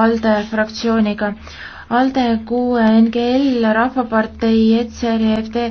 ALDE fraktsiooniga. ALDE, QNGL, Rahvapartei, ETSER ja FD